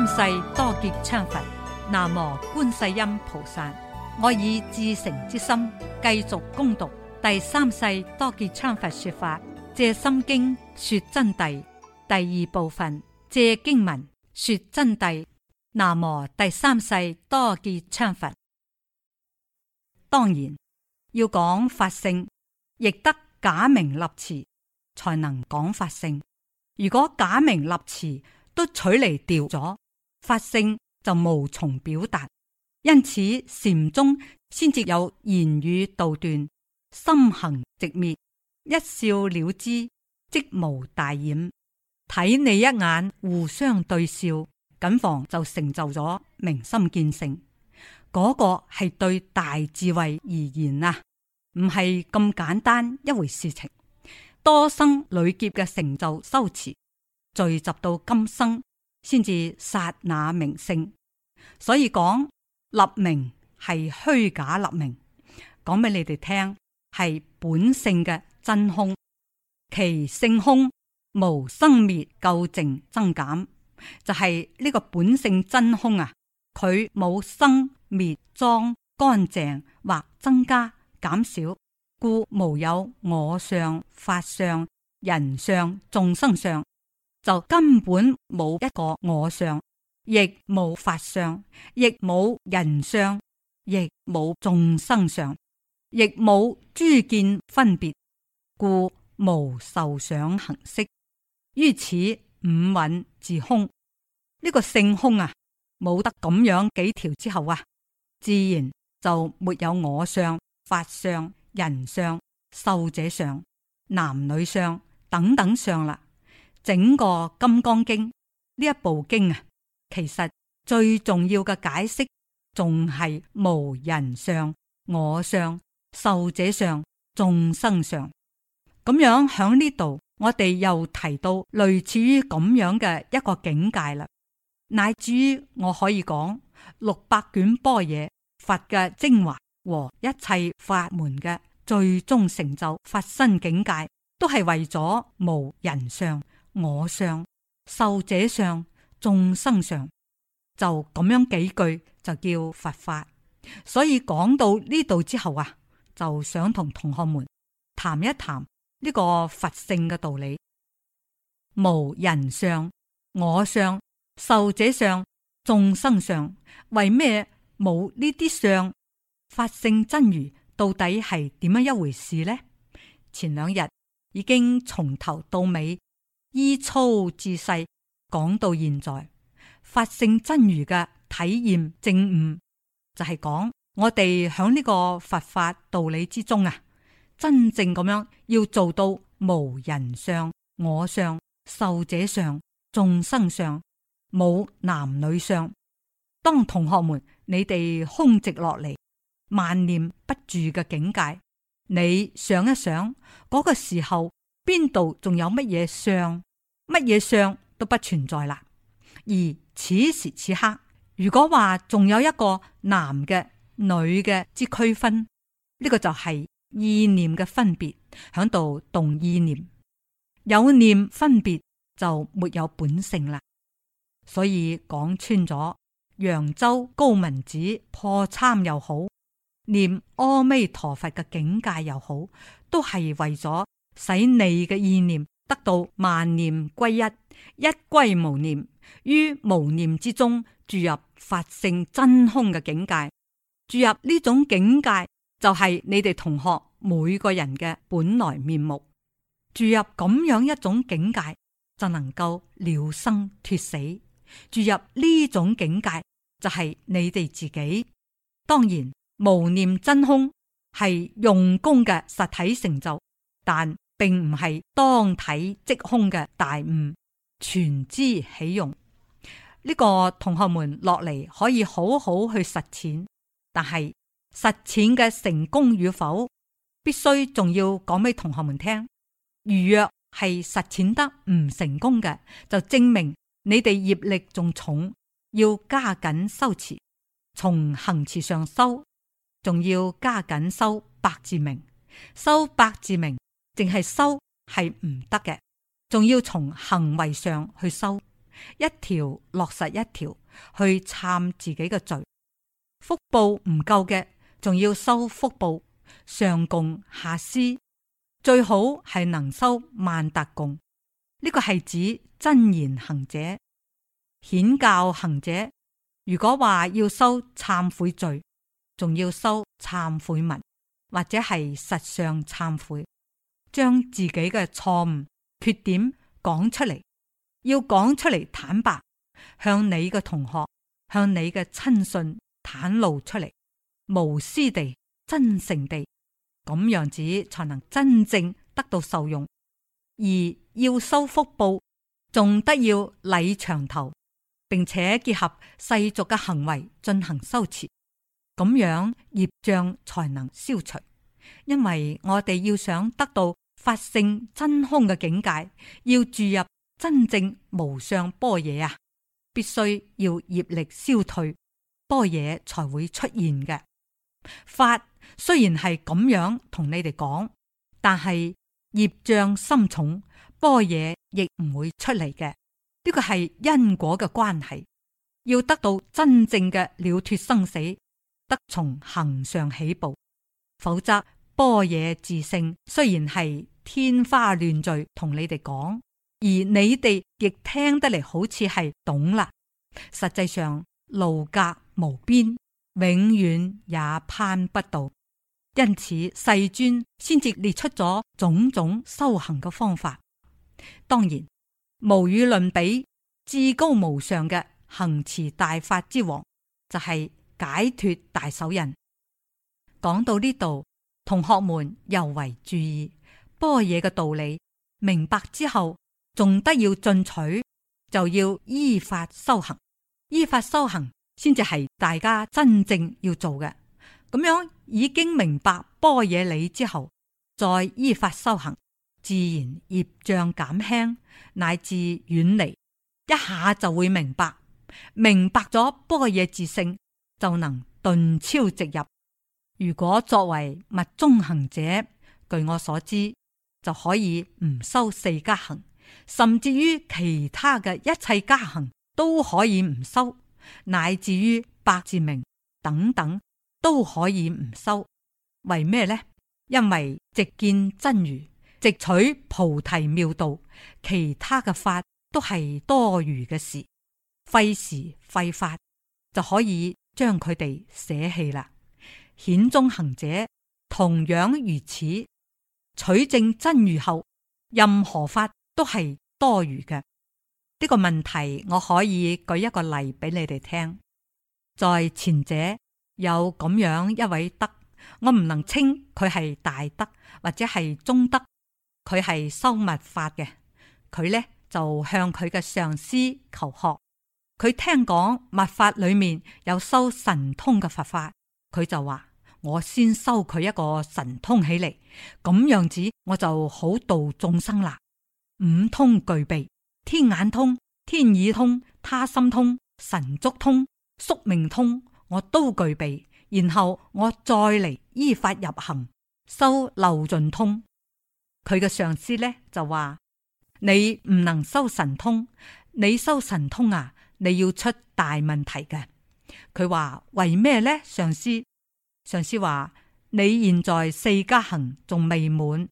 三世多杰羌佛，南無觀世音菩薩。我以至誠之心繼續恭讀第三世多杰羌佛說法《藉心經》說真諦第二部分，《藉經文說真諦》南無第三世多杰羌佛。當然要講法性，亦得假名立詞，才能講法性。如果假名立詞都取離掉咗。法性就無從表達，因此禪宗先至有言語道斷、心行直滅，一笑了之，即無大掩。睇你一眼，互相對笑，謹防就成就咗明心見性。嗰、那個係對大智慧而言啊，唔係咁簡單一回事情。多生累劫嘅成就修持，聚集到今生。先至剎那名性，所以講立名係虛假立名，講俾你哋聽係本性嘅真空，其性空無生滅、垢淨增減，就係、是、呢個本性真空啊！佢冇生滅、髒乾淨或增加、減少，故無有我相、法相、人相、眾生相。就根本冇一個我相，亦冇法相，亦冇人相，亦冇眾生相，亦冇諸見分別，故無受想行識。於此五蘊自空，呢、這個性空啊，冇得咁樣幾條之後啊，自然就沒有我相、法相、人相、受者相、男女相等等相啦。整個《金剛經》呢一部經啊，其實最重要嘅解釋仲係無人相、我相、受者相、眾生相咁樣。響呢度，我哋又提到類似於咁樣嘅一個境界啦，乃至於我可以講六百卷般若、佛嘅精華和一切法門嘅最終成就，佛身境界都係為咗無人相。我相、受者相、眾生相，就咁樣幾句就叫佛法。所以講到呢度之後啊，就想同同學們談一談呢個佛性嘅道理。無人相、我相、受者相、眾生相，為咩冇呢啲相？法性真如到底係點樣一回事呢？前兩日已經從頭到尾。依粗至細講到現在，法性真如嘅體驗正悟，就係、是、講我哋響呢個佛法道理之中啊，真正咁樣要做到無人相、我相、受者相、眾生相、冇男女相。當同學們，你哋空寂落嚟，萬念不住嘅境界，你想一想嗰、那個時候。邊度仲有乜嘢相？乜嘢相都不存在啦。而此時此刻，如果話仲有一個男嘅、女嘅之區分，呢個就係意念嘅分別，響度動意念，有念分別就沒有本性啦。所以講穿咗，揚州高旻寺破參又好，念阿彌陀佛嘅境界又好，都係為咗。使你嘅意念得到萬念歸一，一歸無念，於無念之中注入法性真空嘅境界。注入呢種境界就係、是、你哋同學每個人嘅本來面目。注入咁樣一種境界就能夠了生脫死。注入呢種境界就係、是、你哋自己。當然，無念真空係用功嘅實體成就。但並唔係當體即空嘅大悟全知起用呢、這個，同學們落嚟可以好好去實踐，但係實踐嘅成功與否，必須仲要講俾同學們聽。如若係實踐得唔成功嘅，就證明你哋業力仲重，要加緊修持，從行持上修，仲要加緊修百字明，修百字明。淨係修係唔得嘅，仲要從行為上去修，一條落實一條去懺自己嘅罪，福報唔夠嘅，仲要修福報，上供下施，最好係能修萬達供。呢、這個係指真言行者、顯教行者。如果話要修懺悔罪，仲要修懺悔文或者係實相懺悔。將自己嘅錯誤、缺點講出嚟，要講出嚟坦白，向你嘅同學、向你嘅親信袒露出嚟，無私地、真誠地，咁樣子才能真正得到受用。而要收福報，仲得要禮長頭，並且結合世俗嘅行為進行修持，咁樣業障才能消除。因為我哋要想得到。法性真空嘅境界要注入真正無上般若啊，必須要業力消退，般若才會出現嘅。法雖然係咁樣同你哋講，但係業障深重，般若亦唔會出嚟嘅。呢個係因果嘅關係，要得到真正嘅了脫生死，得從行上起步，否則般若自性雖然係。天花亂墜同你哋講，而你哋亦聽得嚟，好似係懂啦。實際上路隔無邊，永遠也攀不到。因此世尊先至列出咗種種修行嘅方法。當然，無與倫比、至高無上嘅行持大法之王，就係解脫大手印。講到呢度，同學們尤爲注意。般若嘅道理明白之後，仲得要進取，就要依法修行。依法修行，先至係大家真正要做嘅。咁樣已經明白般若理之後，再依法修行，自然業障減輕乃至遠離。一下就會明白，明白咗般若自性，就能頓超直入。如果作為物中行者，據我所知。就可以唔修四加行，甚至於其他嘅一切加行都可以唔修，乃至於百字明等等都可以唔修。為咩呢？因為直見真如，直取菩提妙道，其他嘅法都係多餘嘅事，費時費法，就可以將佢哋捨棄啦。顯宗行者同樣如此。取證真如後，任何法都係多餘嘅。呢個問題，我可以舉一個例俾你哋聽。在前者有咁樣一位德，我唔能稱佢係大德或者係中德，佢係修密法嘅，佢呢就向佢嘅上司求學。佢聽講密法裏面有修神通嘅佛法，佢就話。我先收佢一個神通起嚟，咁樣子我就好度眾生啦。五通具備，天眼通、天耳通、他心通、神足通、宿命通，我都具備。然後我再嚟依法入行，收漏盡通。佢嘅上司呢，就話：你唔能收神通，你收神通啊，你要出大問題嘅。佢話為咩呢，上司。上師話：你現在四加行仲未滿，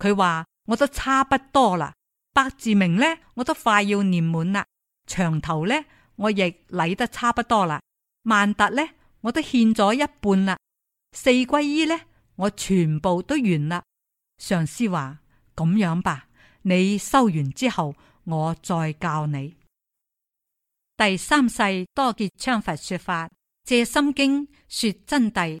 佢話我都差不多啦。百字明呢，我都快要念滿啦。長頭呢，我亦禮得差不多啦。萬達呢，我都獻咗一半啦。四歸依呢，我全部都完啦。上師話：咁樣吧，你修完之後，我再教你。第三世多杰羌佛說法《藉心經》說真諦。